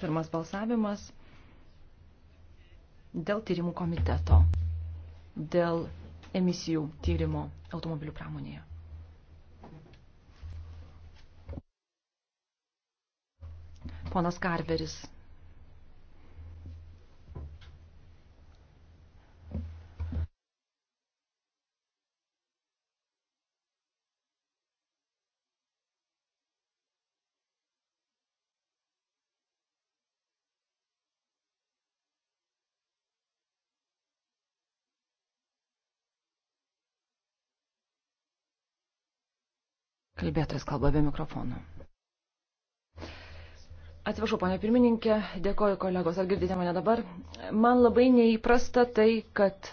Pirmas balsavimas dėl tyrimų komiteto, dėl emisijų tyrimo automobilių pramonėje. Ponas Karveris Kalbėtojas kalba be mikrofono. Atsiprašau, ponia pirmininkė, dėkoju kolegos, ar girdite mane dabar. Man labai neįprasta tai, kad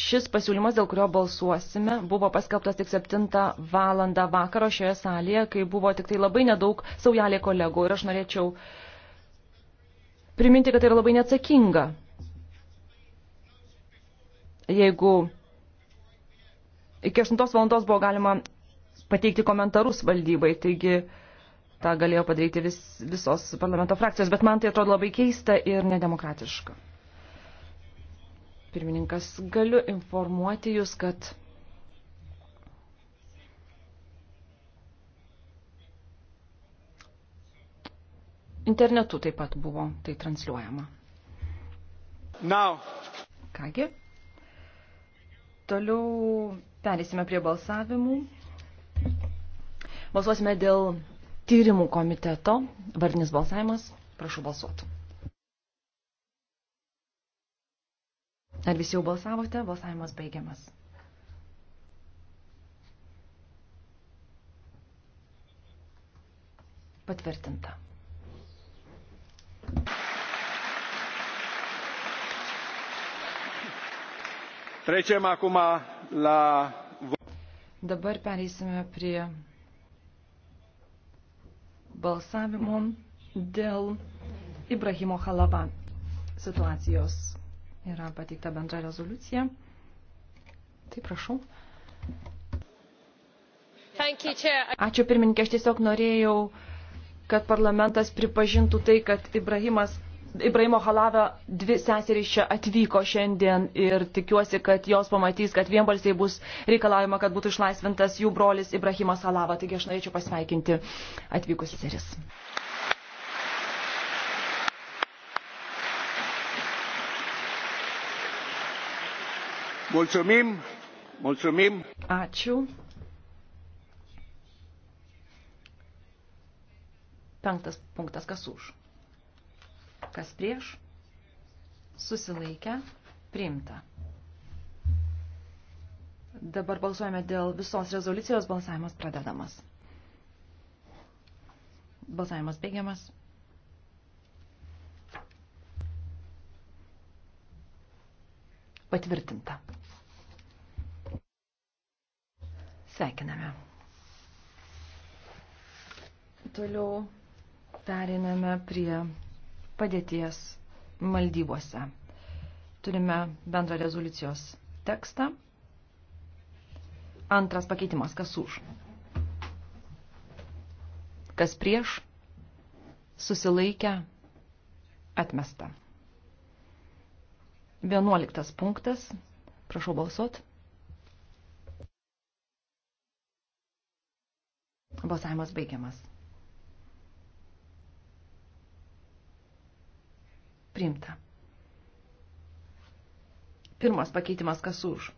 šis pasiūlymas, dėl kurio balsuosime, buvo paskelbtas tik 7 valandą vakaro šioje salėje, kai buvo tik tai labai nedaug saujelė kolegų ir aš norėčiau priminti, kad tai yra labai neatsakinga. Jeigu iki 8 valandos buvo galima pateikti komentarus valdybai, taigi tą galėjo padaryti vis, visos parlamento frakcijos, bet man tai atrodo labai keista ir nedemokratiška. Pirmininkas, galiu informuoti Jūs, kad internetu taip pat buvo tai transliuojama. Now. Kągi, toliau perėsime prie balsavimų. Balsuosime dėl tyrimų komiteto. Vardinis balsavimas. Prašau balsuoti. Ar visi jau balsavote? Balsavimas baigiamas. Patvirtinta. Trecem acum la... Dabar pereisime prie balsavimo dėl Ibrahimo Halaba situacijos. Yra pateikta bendra rezoliucija. Tai prašau. Ačiū pirmininkė, aš tiesiog norėjau, kad parlamentas pripažintų tai, kad Ibrahimas Ibrahimo Halavio dvi seserys čia atvyko šiandien ir tikiuosi, kad jos pamatys, kad vienbalsiai bus reikalavima, kad būtų išlaisvintas jų brolis Ibrahimas Halava. Taigi aš norėčiau pasveikinti atvykus seris. Mulțumim, mulțumim. Ačiū. Penktas punktas, kas už? Kas prieš? Susilaikę. Priimta. Dabar balsuojame dėl visos rezoliucijos. Balsavimas pradedamas. Balsavimas baigiamas. Patvirtinta. Sveikiname. Toliau periname prie padėties Maldyvose. Turime bendrą rezoliucijos tekstą. Antras pakeitimas, kas už. Kas prieš, susilaikę, atmesta. Vienuoliktas punktas. Prašau balsuot. Balsavimas baigiamas. Primta. Pirmas pakeitimas kas už.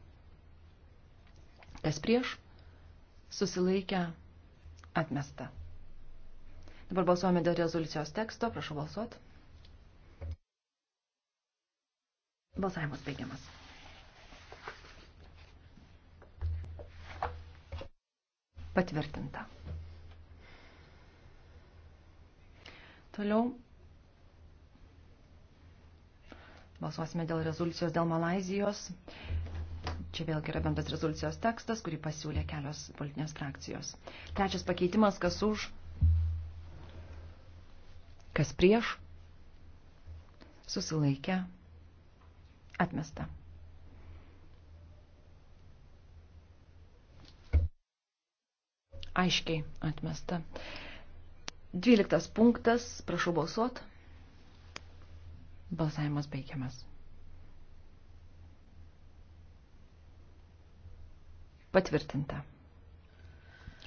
Kas prieš? Susilaikę atmesta. Dabar balsuojame dėl rezoliucijos teksto. Prašau balsuoti. Balsavimas baigiamas. Patvirtinta. Toliau Balsuosime dėl rezoliucijos dėl Malazijos. Čia vėlgi yra bendras rezoliucijos tekstas, kurį pasiūlė kelios politinės frakcijos. Trečias pakeitimas, kas už, kas prieš, susilaikė, atmesta. Aiškiai atmesta. Dvyliktas punktas, prašau balsuoti. Balsavimas baigiamas. Patvirtinta.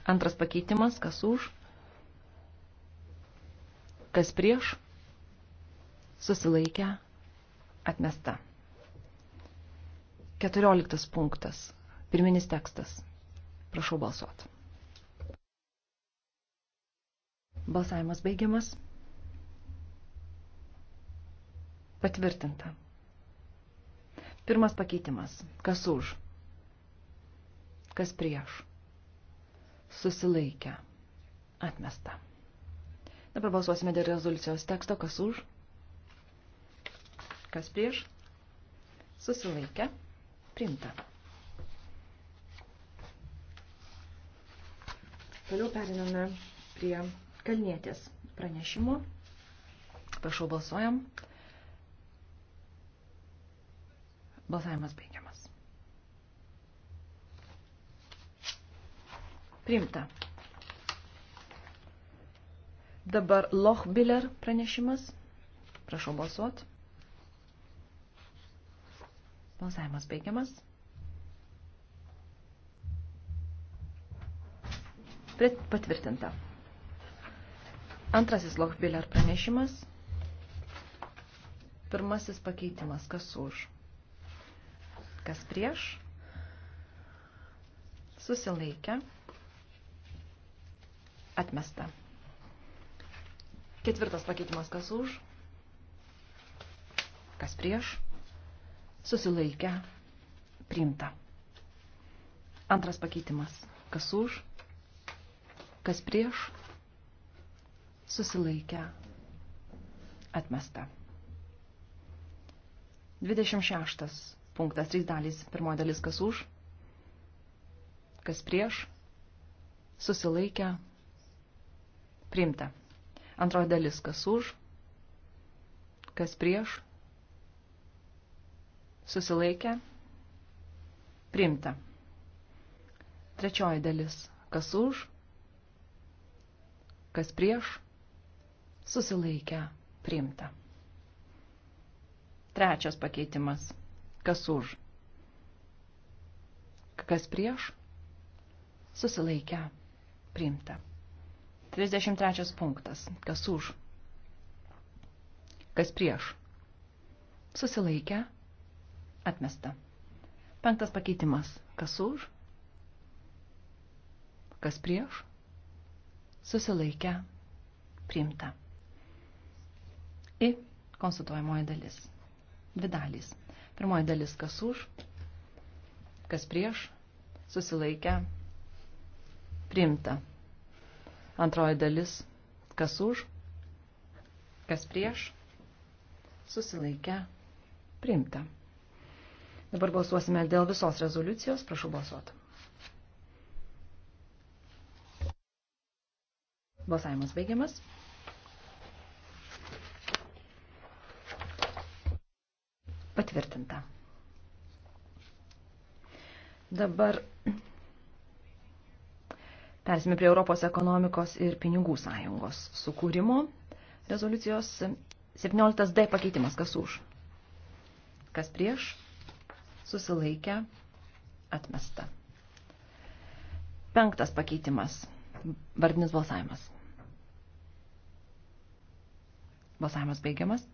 Antras pakeitimas, kas už, kas prieš, susilaikę, atmesta. Keturioliktas punktas, pirminis tekstas. Prašau balsuoti. Balsavimas baigiamas. Patvirtinta. Pirmas pakeitimas. Kas už? Kas prieš? Susilaikę. Atmesta. Dabar balsuosime dėl rezoliucijos teksto. Kas už? Kas prieš? Susilaikę. Primta. Toliau periname prie kalnietės pranešimo. Prašau, balsuojam. Balsavimas baigiamas. Priimta. Dabar Lochbiller pranešimas. Prašau balsuot. Balsavimas baigiamas. Patvirtinta. Antrasis Lochbiller pranešimas. Pirmasis pakeitimas. Kas už? kas prieš, susilaikę, atmesta. Ketvirtas pakeitimas kas už, kas prieš, susilaikę, priimta. Antras pakeitimas kas už, kas prieš, susilaikę, atmesta. 26 punktas, trys dalys. Pirmoji dalis kas už, kas prieš, susilaikę, priimta. Antroji dalis kas už, kas prieš, susilaikę, priimta. Trečioji dalis kas už, kas prieš, susilaikę, priimta. Trečias pakeitimas Kas už? Kas prieš? Susilaikę. Priimta. 33 punktas. Kas už? Kas prieš? Susilaikę. Atmesta. Penktas pakeitimas. Kas už? Kas prieš? Susilaikę. Priimta. I konstatuojamoji dalis. Dvi dalys. Pirmoji dalis, kas už, kas prieš, susilaikę, priimta. Antroji dalis, kas už, kas prieš, susilaikę, priimta. Dabar balsuosime dėl visos rezoliucijos. Prašau balsuoti. Balsavimas baigiamas. Patvirtinta. Dabar persime prie Europos ekonomikos ir pinigų sąjungos sukūrimo rezoliucijos 17D pakeitimas. Kas už? Kas prieš? Susilaikę. Atmesta. Penktas pakeitimas. Vardinis balsavimas. Balsavimas baigiamas.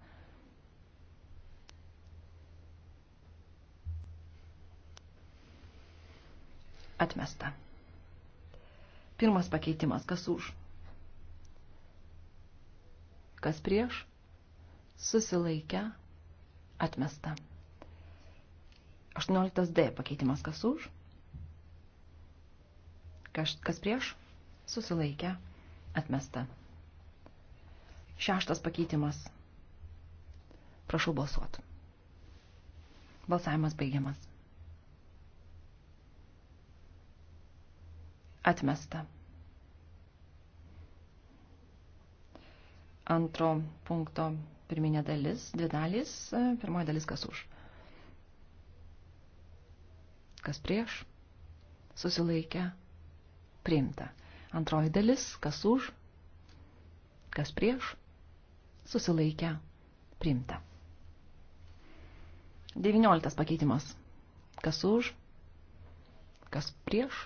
Atmesta. Pirmas pakeitimas. Kas už? Kas prieš? Susilaikę. Atmesta. 18D pakeitimas. Kas už? Kas, kas prieš? Susilaikę. Atmesta. Šeštas pakeitimas. Prašau balsuoti. Balsavimas baigiamas. Atmesta. Antro punkto pirminė dalis, dvi dalys, pirmoji dalis kas už. Kas prieš? Susilaikę. Priimta. Antroji dalis, kas už, kas prieš, susilaikę, priimta. 19 pakeitimas. Kas už, kas prieš,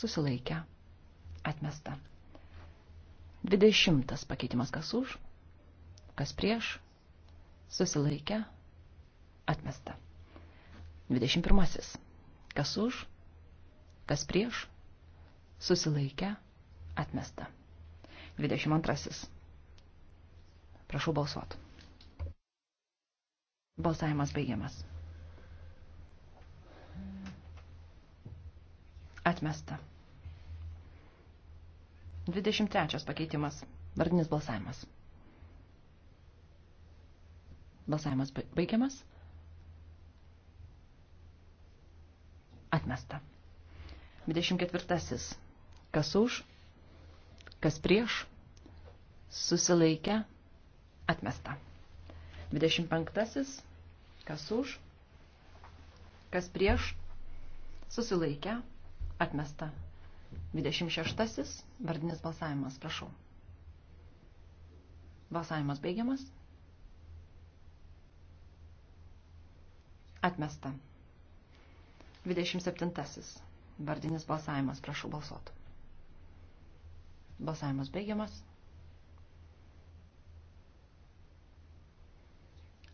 susilaikę, atmesta. 20 pakeitimas kas už, kas prieš, susilaikę, atmesta. 21. Kas už, kas prieš, susilaikę, atmesta. 22. Prašau balsuot. Balsavimas baigiamas. Atmesta. 23 pakeitimas. Vardinis balsavimas. Balsavimas baigiamas. Atmesta. 24. Kas už, kas prieš, susilaikę, atmesta. 25. Kas už, kas prieš, susilaikę, atmesta. 26. Vardinis balsavimas, prašau. Balsavimas baigiamas. Atmesta. 27. Vardinis balsavimas, prašau balsuot. Balsavimas baigiamas.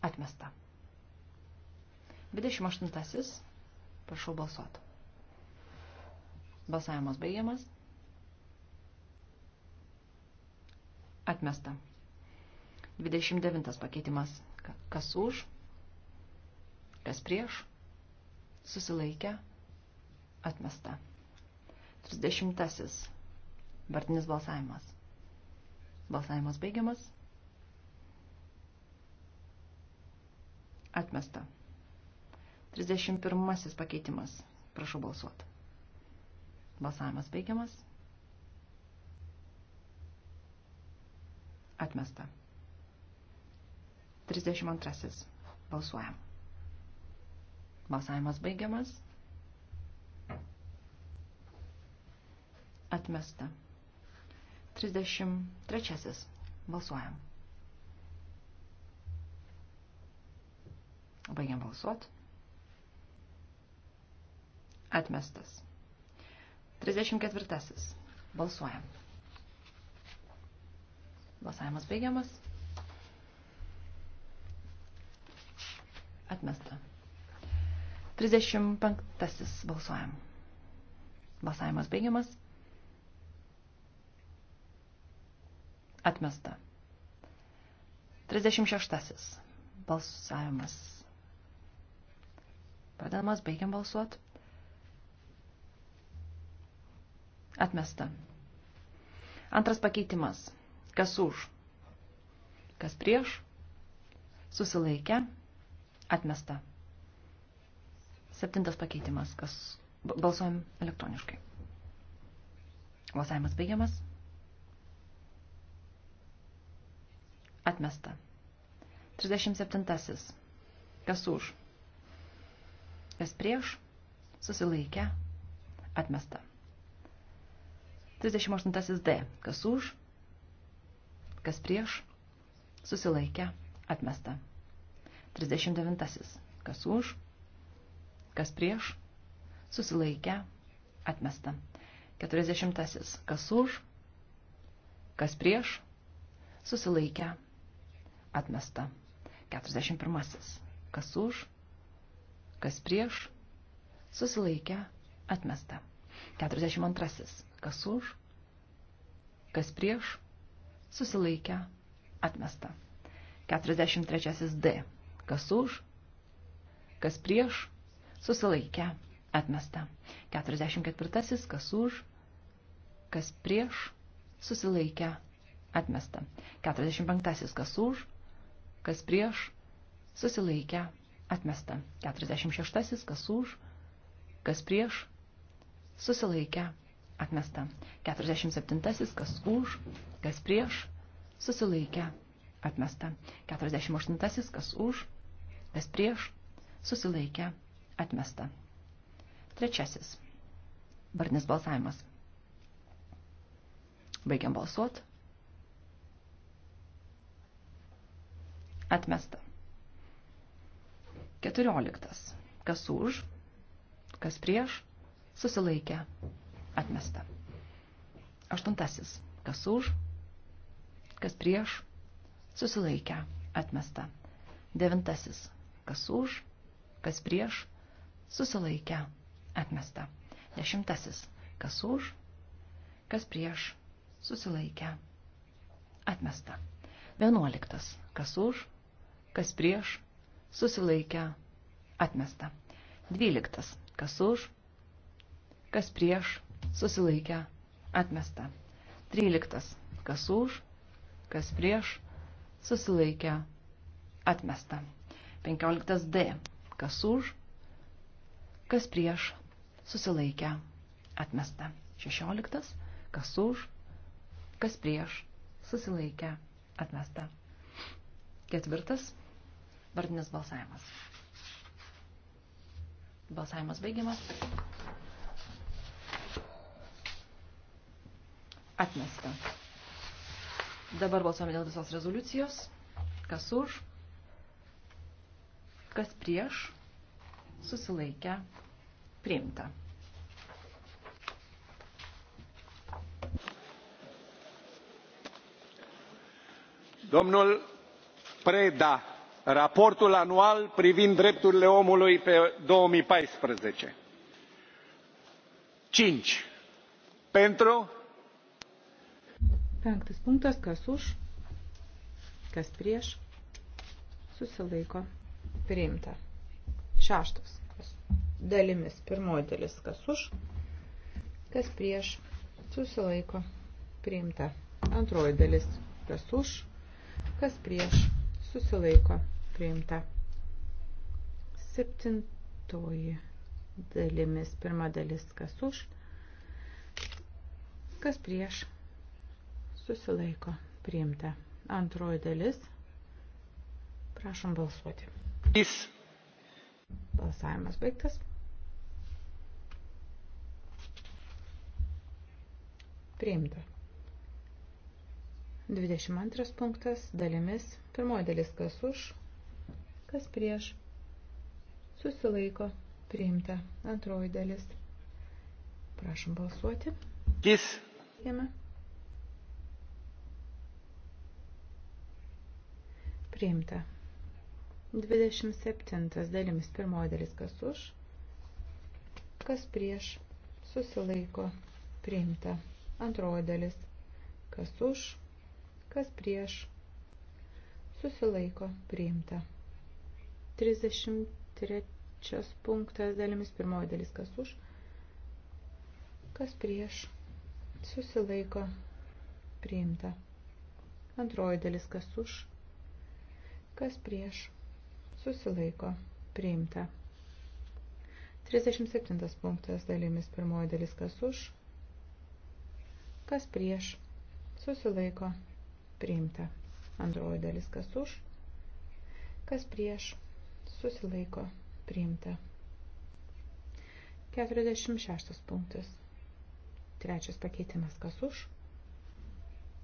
Atmesta. 28. Prašau balsuoti. Balsavimas baigiamas. Atmesta. 29 pakeitimas. Kas už? Kas prieš? Susilaikę. Atmesta. 30. Vartinis balsavimas. Balsavimas baigiamas. Atmesta. 31 pakeitimas. Prašau balsuoti. Balsavimas baigiamas. Atmesta. 32. Balsuojam. Balsavimas baigiamas. Atmesta. 33. Balsuojam. Baigiam balsuot. Atmestas. 34. Balsuojam. Balsavimas baigiamas. Atmesta. 35. Balsuojam. Balsavimas baigiamas. Atmesta. 36. Balsavimas. Pradedamas, baigiam balsuoti. Atmesta. Antras pakeitimas. Kas už? Kas prieš? Susilaikę. Atmesta. Septintas pakeitimas. Kas balsuojam elektroniškai. Balsavimas baigiamas. Atmesta. 37. Kas už? Kas prieš? Susilaikę. Atmesta. 38 D. Kas už, kas prieš, susilaikę, atmesta. 39. Kas už, kas prieš, susilaikę, atmesta. 40. Kas už, kas prieš, susilaikę, atmesta. 41. Kas už, kas prieš, susilaikę, atmesta. 42. Kas už? Kas prieš? Susilaikę. Atmesta. 43 D. Kas už? Kas prieš? Susilaikę. Atmesta. 44 Kas už? Kas prieš? Susilaikę. Atmesta. 45 Kas už? Kas prieš? Susilaikę. Atmesta. 46 Kas už? Kas prieš? Susilaikę atmesta. 47. Kas už, kas prieš, susilaikė, atmesta. 48. Kas už, kas prieš, susilaikė, atmesta. Trečiasis. Vardinis balsavimas. Baigiam balsuot. Atmesta. 14. Kas už, kas prieš, susilaikė, Atmesta. Aštuntasis. Kas už, kas prieš, susilaikę. Atmesta. Devintasis. Kas už, kas prieš, susilaikę. Atmesta. Dešimtasis. Kas už, kas prieš, susilaikę. Atmesta. Vienuoliktas. Kas už, kas prieš, susilaikę. Atmesta. Dvyliktas. Kas už, kas prieš, susilaikę, atmesta. 13. Kas už, kas prieš, susilaikę, atmesta. 15. D. Kas už, kas prieš, susilaikę, atmesta. 16. Kas už, kas prieš, susilaikę, atmesta. Ketvirtas. Vardinis balsavimas. Balsavimas baigiamas. Atmesta. Dabar balsuojame dėl visos rezoliucijos. Kas už, kas prieš, susilaikę, priimta. Domnul Preda, raportul anual privind drepturile omului pe 2014. 5. Pentru Penktas punktas, kas už, kas prieš, susilaiko priimta. Šeštas dalimis. Pirmoji dalis, kas už, kas prieš, susilaiko priimta. Antroji dalis, kas už, kas prieš, susilaiko priimta. Septintoji dalimis. Pirma dalis, kas už, kas prieš, Susilaiko. Priimta. Antroji dalis. Prašom balsuoti. Jis. Balsavimas baigtas. Priimta. 22 punktas dalimis. Pirmoji dalis kas už, kas prieš. Susilaiko. Priimta. Antroji dalis. Prašom balsuoti. Jis. Jame. Priimta. 27 dalimis pirmoji dalis kas už, kas prieš, susilaiko, priimta. Antroji dalis kas už, kas prieš, susilaiko, priimta. 33 punktas dalimis pirmoji dalis kas už, kas prieš, susilaiko, priimta. Antroji dalis kas už, priimta kas prieš, susilaiko, priimta. 37 punktas dalimis pirmoji dalis kas už, kas prieš, susilaiko, priimta. Antroji dalis kas už, kas prieš, susilaiko, priimta. 46 punktas. Trečias pakeitimas kas už,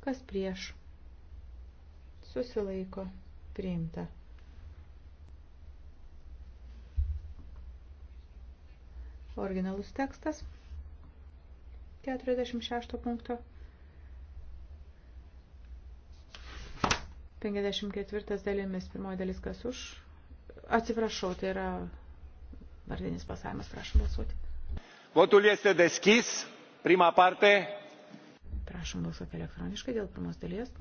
kas prieš, susilaiko, priimta priimta. Originalus tekstas 46 punkto 54 dalimis pirmoji dalis kas už atsiprašau, tai yra vardinis pasavimas, prašom balsuoti Votul este deschis. Prima parte. Prašom balsuoti elektroniškai dėl pirmos dalies.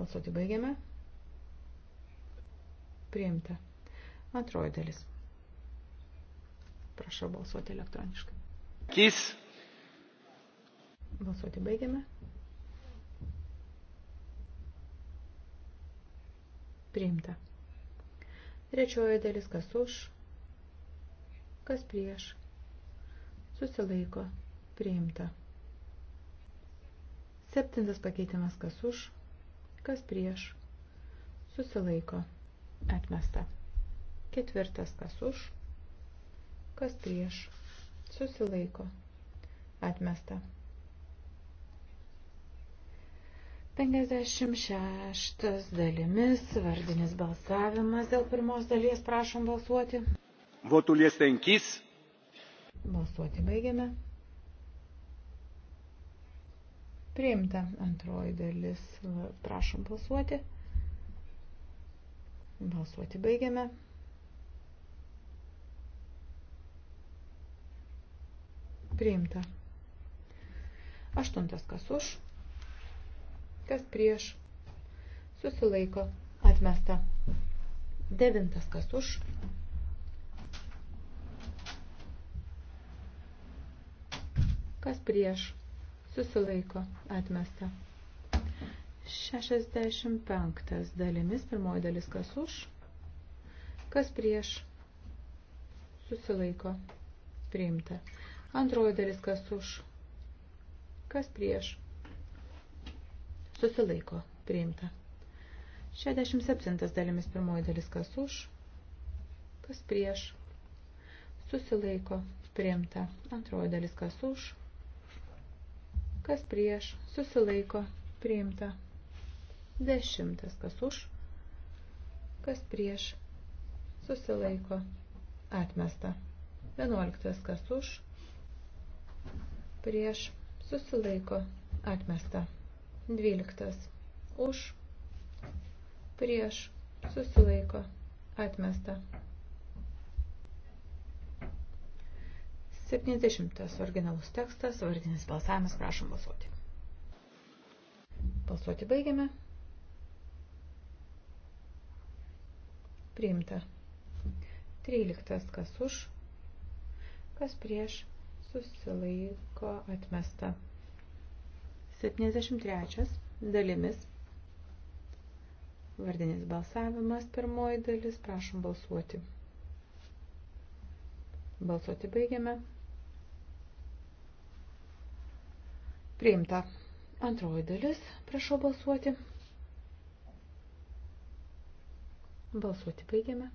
Balsuoti baigiame. Priimta. Antroji dalis. Prašau balsuoti elektroniškai. Kis. Balsuoti baigiame. Priimta. Trečioji dalis kas už, kas prieš. Susilaiko. Priimta. Septintas pakeitimas kas už, kas prieš, susilaiko, atmesta. Ketvirtas, kas už, kas prieš, susilaiko, atmesta. 56 dalimis, vardinis balsavimas dėl pirmos dalies, prašom balsuoti. Votul este închis. Balsuoti baigiame. Priimta antroji dalis. Prašom balsuoti. Balsuoti baigiame. Priimta. Aštuntas kas už, kas prieš, susilaiko, atmesta. Devintas kas už, kas prieš, susilaiko atmesta. 65 dalimis, pirmoji dalis kas už, kas prieš, susilaiko, priimta. Antroji dalis kas už, kas prieš, susilaiko, priimta. 67 dalimis, pirmoji dalis kas už, kas prieš, susilaiko, priimta. Antroji dalis kas už, kas prieš, susilaiko, priimta. Dešimtas, kas už, kas prieš, susilaiko, atmesta. Vienuoliktas, kas už, prieš, susilaiko, atmesta. Dvyliktas, už, prieš, susilaiko, atmesta. 70 originalus tekstas, vardinis balsavimas, prašom balsuoti. Balsuoti baigiame. Priimta. 13. Kas už, kas prieš, susilaiko atmesta. 73. Dalimis. Vardinis balsavimas, pirmoji dalis, prašom balsuoti. Balsuoti baigiame. Priimta. Antroji dalis. Prašau balsuoti. Balsuoti baigiame.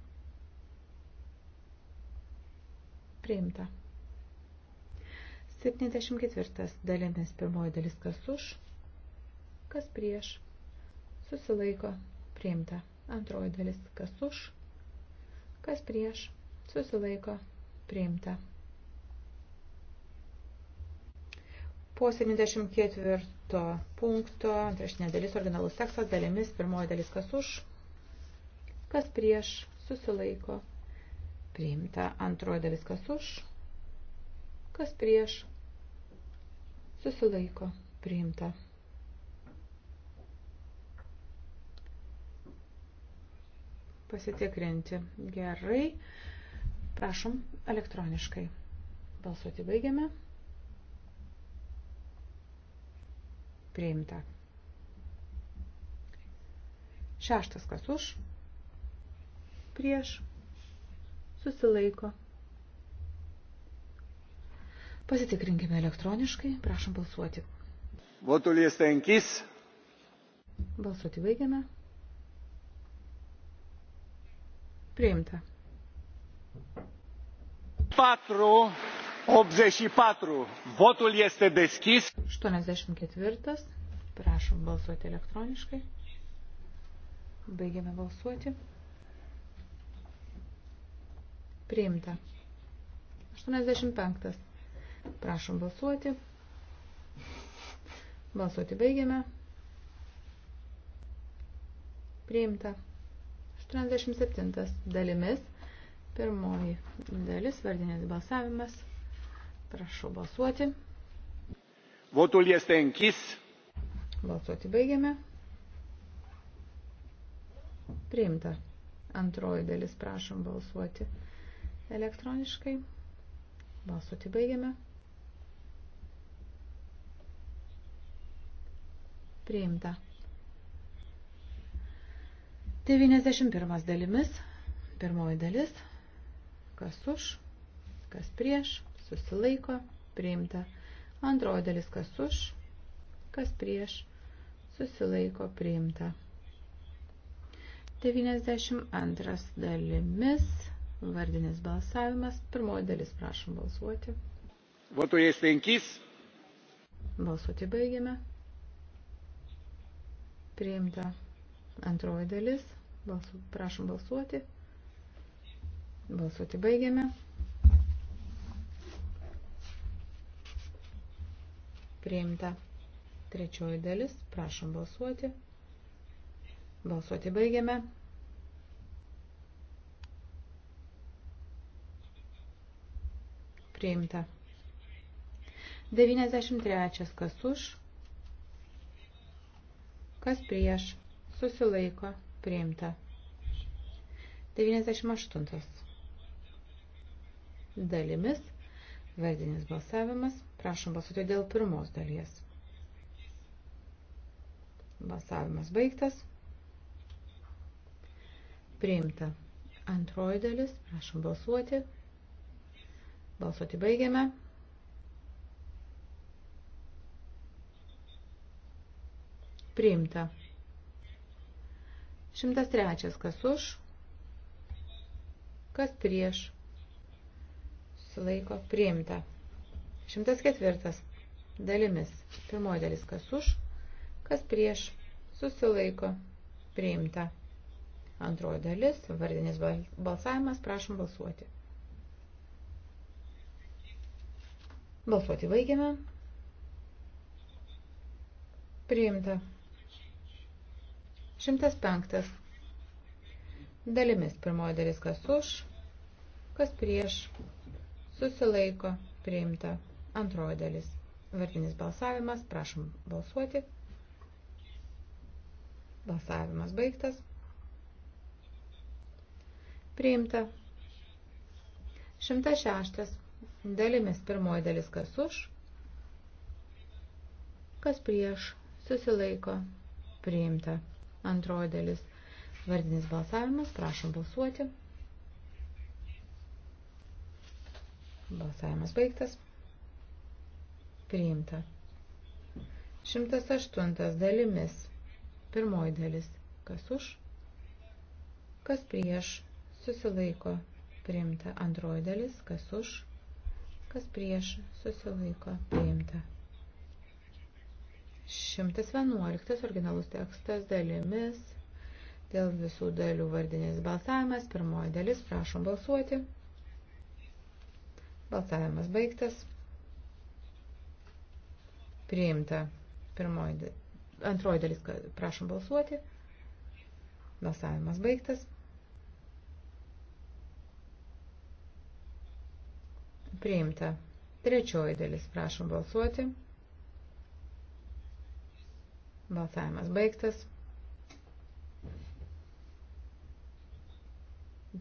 Priimta. 74 dalimis pirmoji dalis kas už, kas prieš. Susilaiko. Priimta. Antroji dalis kas už, kas prieš. Susilaiko. Priimta. Po 74 punkto, antrašinė dalis, originalus tekstas, dalimis, pirmoji dalis, kas už, kas prieš, susilaiko, priimta, antroji dalis, kas už, kas prieš, susilaiko, priimta. Pasitikrinti. Gerai. Prašom elektroniškai. Balsuoti baigiame. priimta. Šeštas kas už, prieš, susilaiko. Pasitikrinkime elektroniškai, prašom balsuoti. Votul este închis. Balsuoti baigiame. Priimta. 4 84. Votul este deschis. 84. Prašom balsuoti elektroniškai. Baigiame balsuoti. Priimta. 85. Prašom balsuoti. Balsuoti baigiame. Priimta. 87. Dalimis. Pirmoji dalis, vardinės balsavimas. Prašau balsuoti. Votul este închis. Balsuoti baigiame. Priimta. Antroji dalis prašom balsuoti elektroniškai. Balsuoti baigiame. Priimta. 91 dalimis. Pirmoji dalis. Kas už, kas prieš susilaiko, priimta. Antroji dalis kas už, kas prieš, susilaiko, priimta. 92 dalimis, vardinis balsavimas, pirmoji dalis prašom balsuoti. Votul este închis. Balsuoti baigiame. Priimta antroji dalis. Balsu, prašom balsuoti. Balsuoti baigiame. priimta. Trečioji dalis, prašom balsuoti. Balsuoti baigiame. Priimta. 93. Kas už? Kas prieš? Susilaiko. Priimta. 98. Dalimis Vardinis balsavimas. Prašom balsuoti dėl pirmos dalies. Balsavimas baigtas. Priimta. Antroji dalis. Prašom balsuoti. Balsuoti baigiame. Priimta. 103. Kas už? Kas prieš? susilaiko priimta. 104. Dalimis. Pirmoji dalis kas už, kas prieš, susilaiko priimta. Antroji dalis, vardinis balsavimas, prašom balsuoti. Balsuoti baigiame. Priimta. 105. Dalimis pirmoji dalis kas už, kas prieš, susilaiko priimta. Antroji dalis. Vardinis balsavimas. Prašom balsuoti. Balsavimas baigtas. Priimta. 106. Dalimis pirmoji dalis kas už, kas prieš, susilaiko, priimta. Antroji dalis. Vardinis balsavimas. Prašom balsuoti. Balsavimas baigtas. Priimta. 108 dalimis. Pirmoji dalis. Kas už? Kas prieš? Susilaiko. Priimta. Antroji dalis. Kas už? Kas prieš? Susilaiko. Priimta. 111 originalus tekstas dalimis. Dėl visų dalių vardinis balsavimas. Pirmoji dalis. Prašom balsuoti. Balsavimas baigtas. Priimta pirmoji, antroji dalis, prašom balsuoti. Balsavimas baigtas. Priimta. Trečioji dalis, prašom balsuoti. Balsavimas baigtas.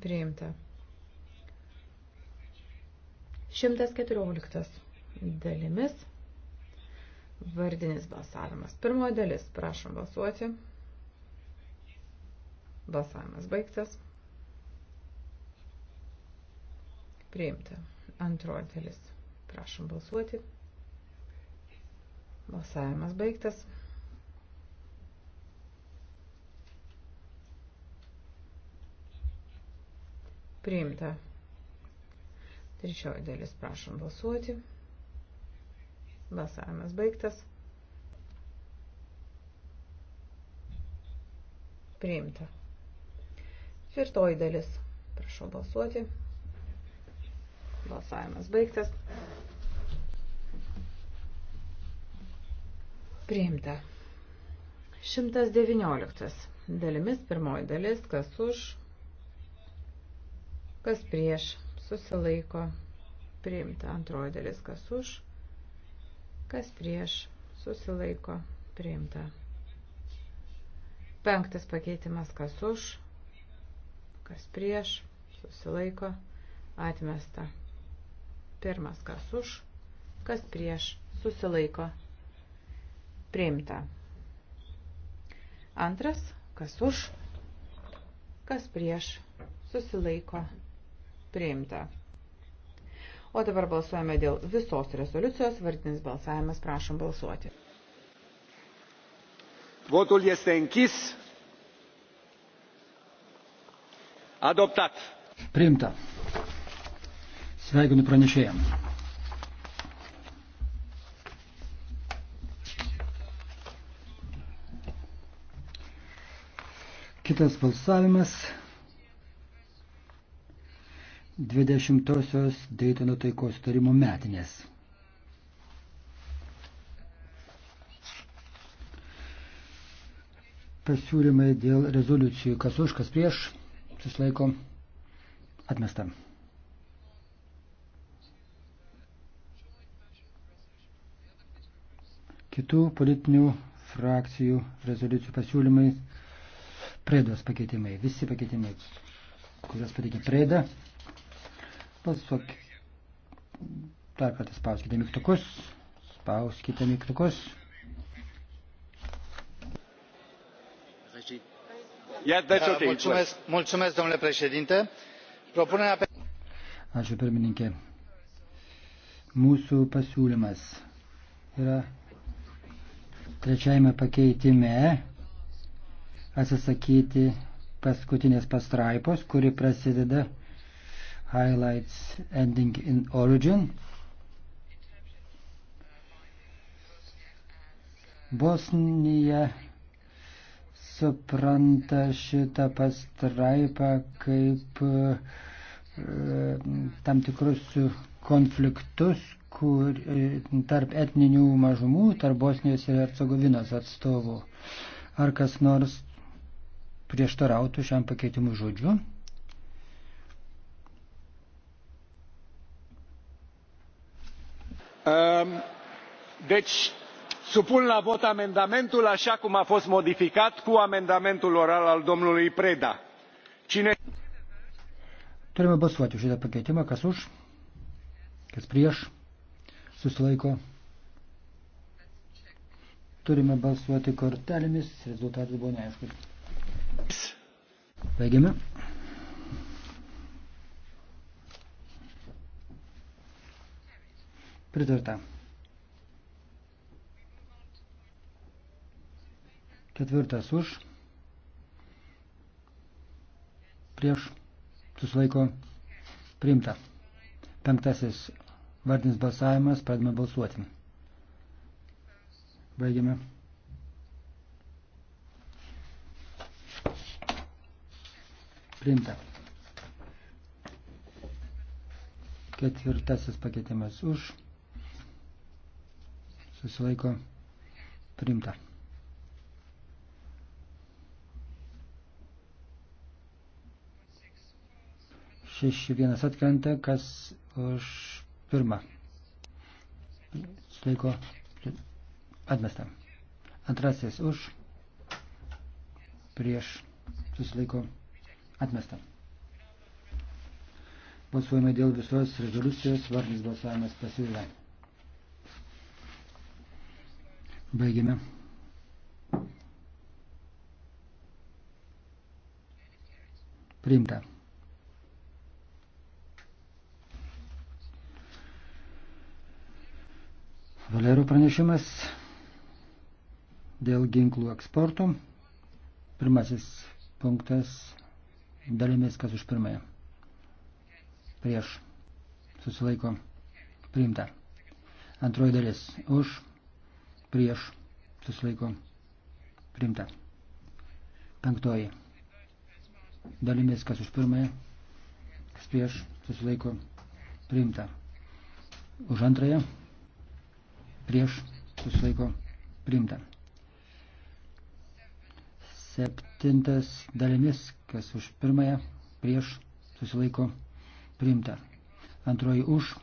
Priimta. 114 dalimis. Vardinis balsavimas. Pirmoji dalis. Prašom balsuoti. Balsavimas baigtas. Priimta. Antroji dalis. Prašom balsuoti. Balsavimas baigtas. Priimta. Trečioji dalis prašom balsuoti. Balsavimas baigtas. Priimta. Ketvirtoji dalis. Prašau balsuoti. Balsavimas baigtas. Priimta. 119. Dalimis pirmoji dalis, kas už, kas prieš susilaiko priimta. Antroji dalis kas už, kas prieš susilaiko priimta. Penktas pakeitimas kas už, kas prieš susilaiko atmesta. Pirmas kas už, kas prieš susilaiko priimta. Antras kas už, kas prieš susilaiko atmesta priimta. O dabar balsuojame dėl visos rezoliucijos. Vartinis balsavimas, prašom balsuoti. Votul este închis. Adoptat. Priimta. Sveikinu pranešėjam. Kitas balsavimas 20-osios Daytono taikos tarimo metinės. Pasiūlymai dėl rezoliucijų. Kas už, kas prieš, susilaiko atmesta. Kitų politinių frakcijų rezoliucijų pasiūlymai, prėdos pakeitimai, visi pakeitimai, kurias pateikė prėda. Balsuok. Dar kartą spauskite mygtukus. Spauskite mygtukus. Uh, domnule președinte propunerea pe Ačiū pirmininkė. Mūsų pasiūlymas yra trečiajame pakeitime atsisakyti paskutinės pastraipos, kuri prasideda highlights ending in origin. Bosnija supranta šitą pastraipą kaip e, tam tikrus konfliktus kur, e, tarp etninių mažumų, tarp Bosnijos ir Hercegovinos atstovų. Ar kas nors prieštarautų šiam pakeitimui žodžiu? Ehm, deci supun la vot amendamentul așa cum a fost modificat cu amendamentul oral al domnului preda. Cine... Turime balsuoti už šitą pakeitimą, kas už, kas prieš, susilaiko. Turime balsuoti kortelėmis, rezultatai buvo neaiškus. Baigiame. Pritarta. Ketvirtas už. Prieš. Susilaiko. Priimta. Penktasis vardinis balsavimas. Pradame balsuoti. Baigiame. Priimta. Ketvirtasis pakeitimas už susilaiko priimta. Šeši vienas atkrenta, kas už pirmą sulaiko atmestą. Antrasis už prieš susilaiko atmestą. Balsuojame dėl visos rezoliucijos, vardinis balsavimas pasiūlė. Baigėme. Priimta. Valerų pranešimas dėl ginklų eksporto. Pirmasis punktas dalimis, kas už pirmąją. Prieš. Susilaiko. Priimta. Antroji dalis. Už prieš susilaiko primta. Penktoji. Dalimis, kas už pirmąją, kas prieš susilaiko primta. Už antrąją, prieš susilaiko primta. Septintas dalimis, kas už pirmąją, prieš susilaiko primta. Antroji už,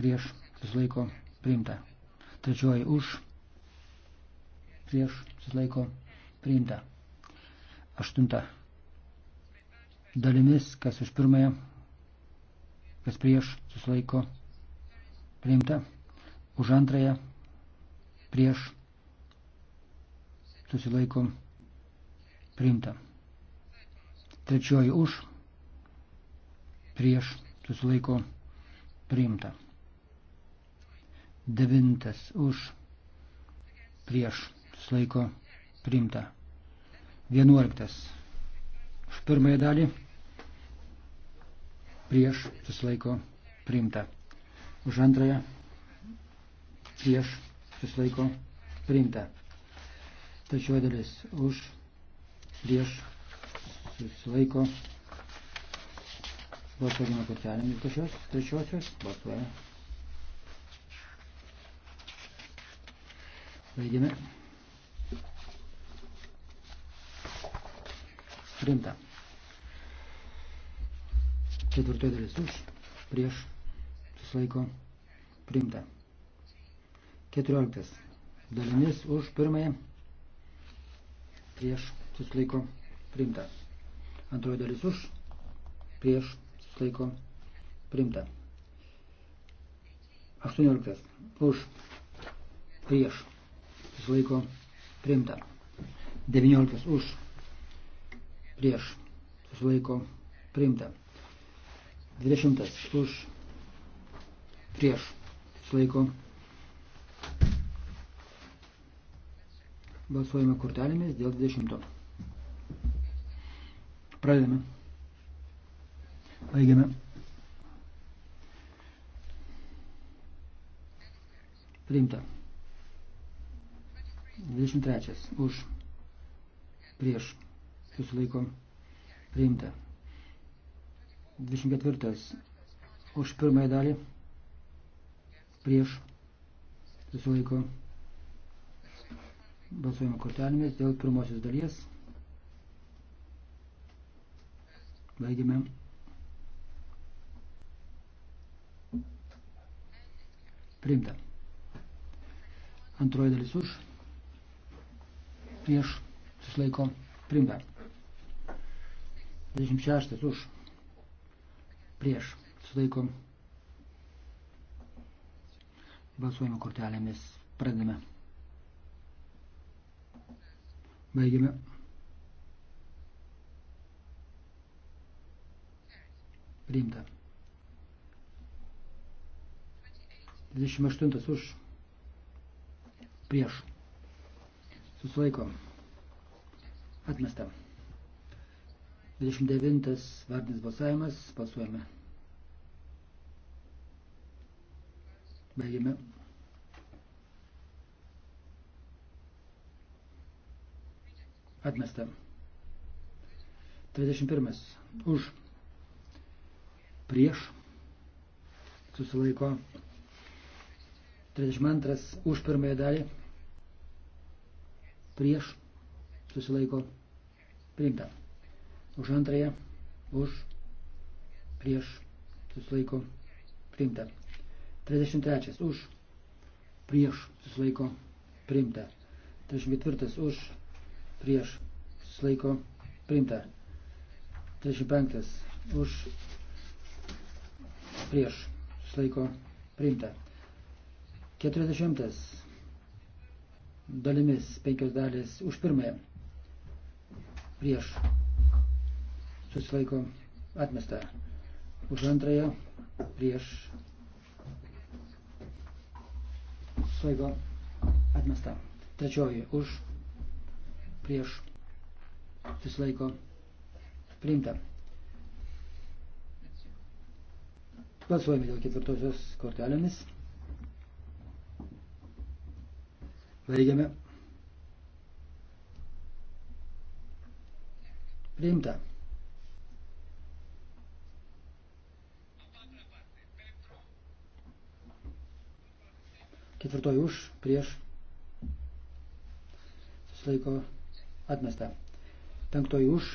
prieš susilaiko primta. Trečioji už, prieš, susilaiko, priimta. Aštunta. Dalimis, kas už pirmąją, kas prieš, susilaiko, priimta. Už antrąją, prieš, susilaiko, priimta. Trečioji už, prieš, susilaiko, priimta devintas už prieš laiko priimta. Vienuoliktas už pirmąją dalį prieš susilaiko priimta. Už antrąją prieš susilaiko priimta. Trečioji dalis už prieš susilaiko balsuojimo kortelėmis pačios trečiosios balsuoja Baigime. Rimta. Ketvirtoji dalis už, prieš, susilaiko, primta. Keturioliktas dalimis už pirmąją, prieš, susilaiko, primta. Antroji dalis už, prieš, susilaiko, primta. Aštuonioliktas už, prieš, susilaiko priimta. 19 už prieš susilaiko priimta. 20 už prieš susilaiko balsuojame kortelėmis dėl 20. Pradedame. Baigiame. Priimta. 23. Už. Prieš. Susilaiko. Priimta. 24. Už pirmąją dalį. Prieš. Susilaiko. Balsuojame kortelėmis dėl pirmosios dalies. Baigime. Priimta. Antroji dalis už prieš susilaiko primta. 26 už prieš susilaiko balsuojimo kortelėmis pradame. Baigiame. Priimta. 28 už prieš susilaiko atmesta. 29 vardinis balsavimas, balsuojame. Baigiame. Atmesta. 31. Už. Prieš. Susilaiko. 32. Už pirmąją dalį prieš susilaiko priimta. Už antrąją, už, prieš susilaiko priimta. 33. Už, prieš susilaiko priimta. 34. Už, prieš susilaiko priimta. 35. Už, prieš susilaiko priimta. 40 dalimis, penkios dalis už pirmąją, prieš, susilaiko atmesta, už antrąją, prieš, susilaiko atmesta, trečioji, už, prieš, susilaiko priimta. Balsuojame dėl ketvirtosios kortelėmis. Baigiame. Priimta. Ketvirtoji už, prieš, susilaiko atmesta. Penktoji už,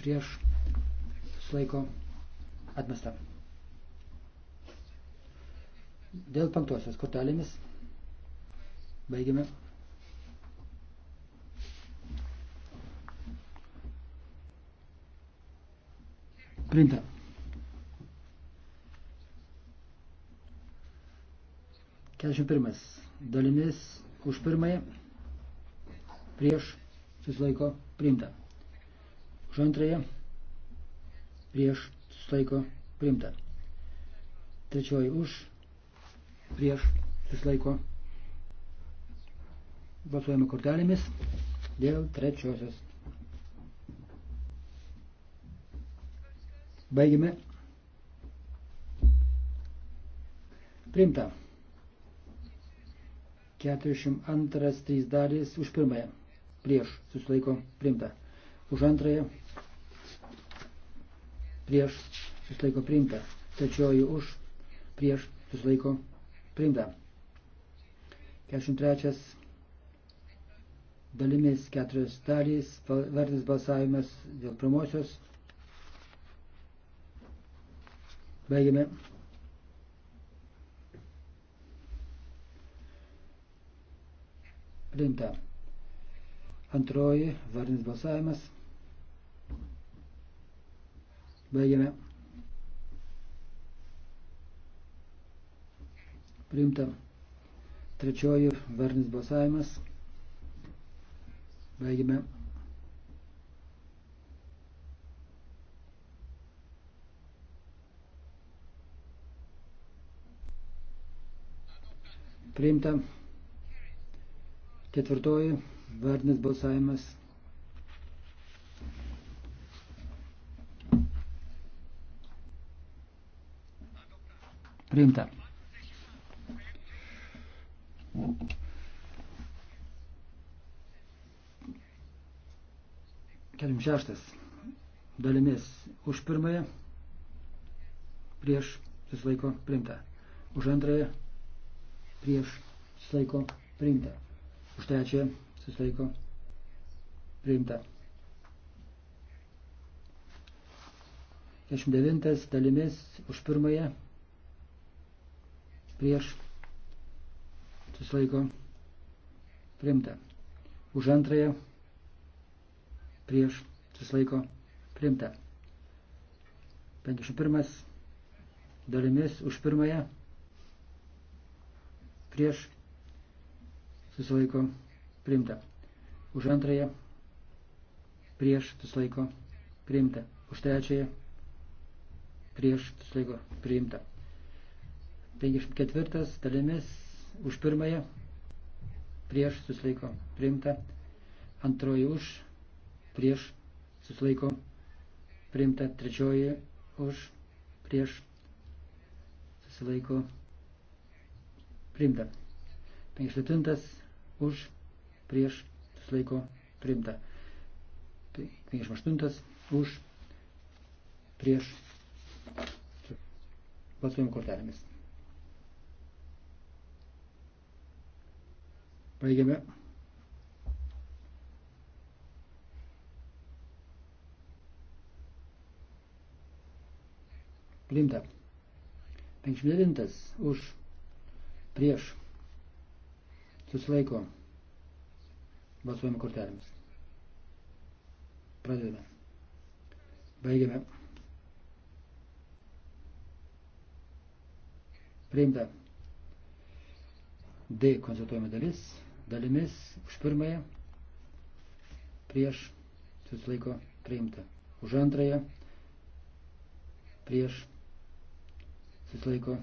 prieš, susilaiko atmesta. Dėl penktosios kortelėmis. Baigiame. Printa. Keturiasdešimt pirmas. Dalimis už pirmąją prieš susilaiko priimta. Už antrąją prieš susilaiko priimta. Trečioji už prieš susilaiko priimta Balsuojame kortelėmis dėl trečiosios. Baigime. Primta. 402 3 dalys už pirmąją. Prieš susilaiko primta. Už antrąją. Prieš susilaiko primta. Trečioji už. Prieš susilaiko primta. 43 dalimis keturios dalys, vardinis balsavimas dėl pirmosios. Baigiame. Priimta. Antroji, vardinis balsavimas. Baigiame. Priimta. Trečioji, vardinis balsavimas. Baigime. Priimta ketvirtoji vardinis balsavimas. Priimta. Thank you. 46 dalimis už pirmąją prieš susilaiko primta. Už antrąją prieš susilaiko primta. Už trečiąją susilaiko primta. 49 dalimis už pirmąją prieš susilaiko primta. Už antrąją prieš susilaiko priimta. 51 dalimis už pirmąją prieš susilaiko priimta. Už antrąją prieš susilaiko priimta. Už trečiąją prieš susilaiko priimta. 54 dalimis už pirmąją prieš susilaiko priimta. Antroji už prieš susilaiko priimta, trečioji už prieš susilaiko priimta, 57 už prieš susilaiko priimta, 58 už prieš balsuojam kortelėmis. Baigiame. Priimta. 59 už prieš susilaiko balsuojame kortelėmis. Pradedame. Baigiame. Priimta. D konsultuojama dalis. Dalimis už pirmąją prieš susilaiko priimta. Už antrąją prieš susilaiko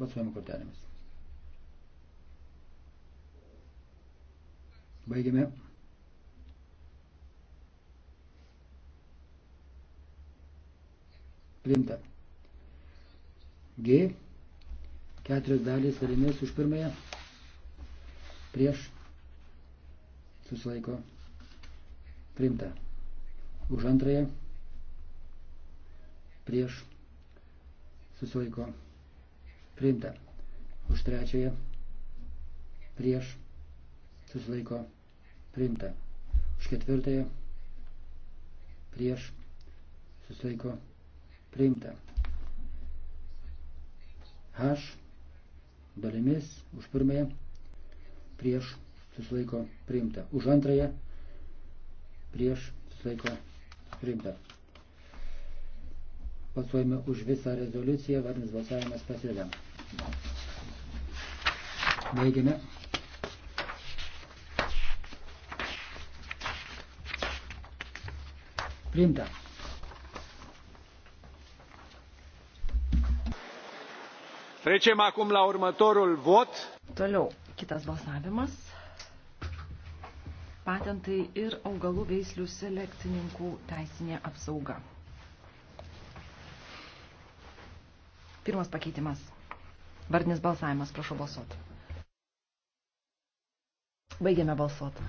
balsuojimo kortelėmis. Baigiame. Priimta. G. Keturios dalys dalinės už pirmąją. Prieš. Susilaiko. Priimta. Už antrąją. Prieš susilaiko priimta. Už trečiąją prieš susilaiko priimta. Už ketvirtąją prieš susilaiko priimta. H dalimis už pirmąją prieš susilaiko priimta. Už antrąją prieš susilaiko priimta. Balsuojame už visą rezoliuciją, vadinis balsavimas prasideda. Baigime. Priimta. Trecem acum la următorul vot. Toliau, kitas balsavimas. Patentai ir augalų veislių selekcininkų teisinė apsauga. Pirmas pakeitimas. Vardinis balsavimas, prašau balsuot. Baigiame balsuot.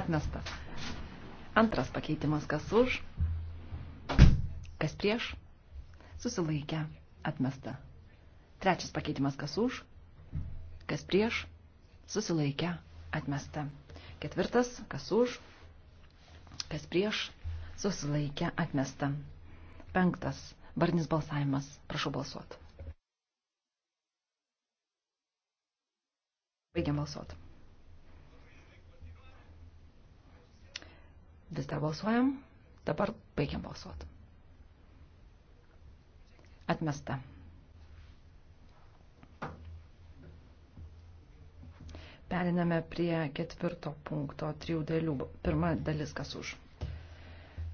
Atmesta. Antras pakeitimas, kas už, kas prieš, susilaikę, atmesta. Trečias pakeitimas, kas už, kas prieš, susilaikę, atmesta. Ketvirtas, kas už, kas prieš, susilaikė atmesta. Penktas. Varnis balsavimas. Prašau balsuoti. Baigiam balsuoti. Vis dar balsuojam. Dabar baigiam balsuoti. Atmesta. Periname prie ketvirto punkto trijų dalių. Pirma dalis kas už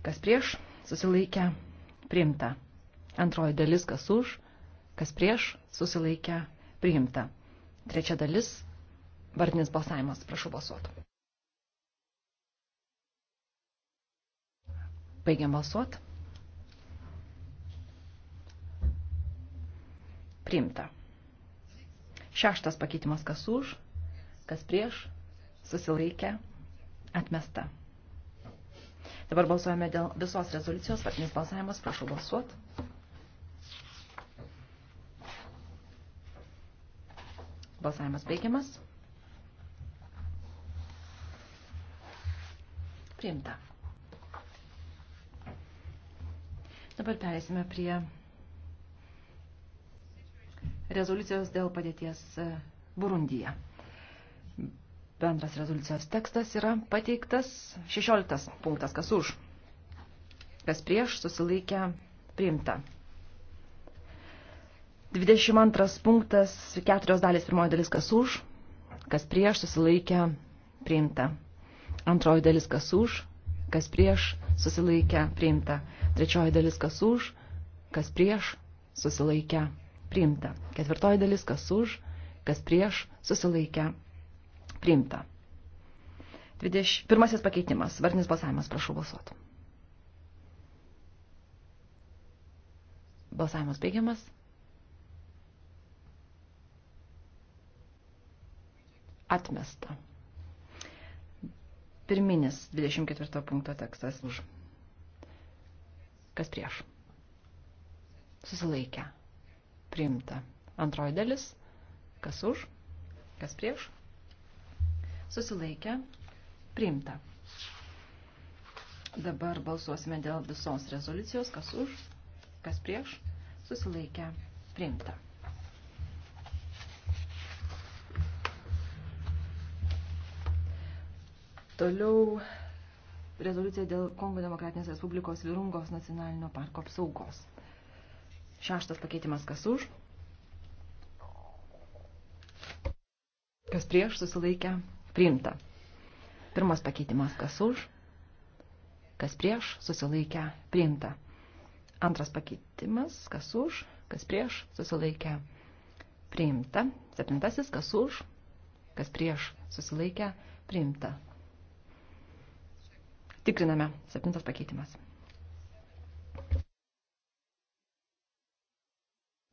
kas prieš, susilaikę, priimta. Antroji dalis, kas už, kas prieš, susilaikę, priimta. Trečia dalis, vardinis balsavimas, prašau balsuoti. Baigiam balsuoti. Priimta. Šeštas pakeitimas, kas už, kas prieš, susilaikę, atmesta. Dabar balsuojame dėl visos rezoliucijos. Vartinis balsavimas. Prašau balsuoti. Balsavimas baigiamas. Priimta. Dabar perėsime prie rezoliucijos dėl padėties e, Burundyje. Bendras rezoliucijos tekstas yra pateiktas 16 punktas, kas už, kas prieš susilaikę priimta. 22 punktas, 4 dalis, pirmoji dalis, kas už, kas prieš susilaikę priimta. Antroji dalis, kas už, kas prieš susilaikę priimta. Trečioji dalis, kas už, kas prieš susilaikę priimta. Ketvirtoji dalis, kas už, kas prieš susilaikę priimta Priimta. 20, pirmasis pakeitimas. Vardinis balsavimas. Prašau balsuoti. Balsavimas baigiamas. Atmesta. Pirminis 24 punkto tekstas už. Kas prieš? Susilaikę. Priimta. Antroji dalis. Kas už? Kas prieš? susilaikė, priimta. Dabar balsuosime dėl visos rezoliucijos, kas už, kas prieš, susilaikę, priimta. Toliau rezoliucija dėl Kongo Demokratinės Respublikos Virungos nacionalinio parko apsaugos. Šeštas pakeitimas kas už. Kas prieš susilaikę priimta. Pirmas pakeitimas, kas už, kas prieš, susilaikę, priimta. Antras pakeitimas, kas už, kas prieš, susilaikę, priimta. Septintasis, kas už, kas prieš, susilaikę, priimta. Tikriname, septintas pakeitimas.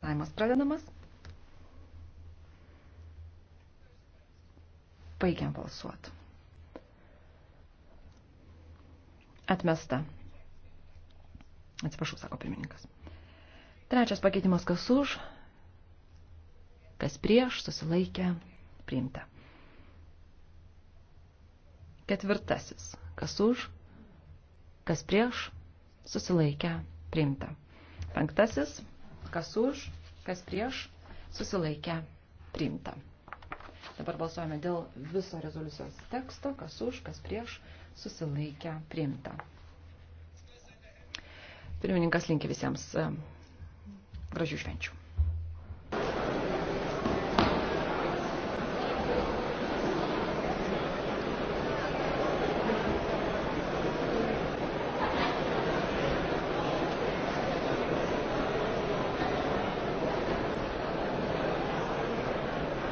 Saimas pradedamas. Baigiam balsuoti. Atmesta. Atsiprašau, sako pirmininkas. Trečias pakeitimas kas už, kas prieš, susilaikė, priimta. Ketvirtasis. Kas už, kas prieš, susilaikė, priimta. Penktasis. Kas už, kas prieš, susilaikė, priimta. Dabar balsuojame dėl viso rezoliucijos teksto, kas už, kas prieš, susilaikę, priimta. Pirmininkas linki visiems e, gražių švenčių.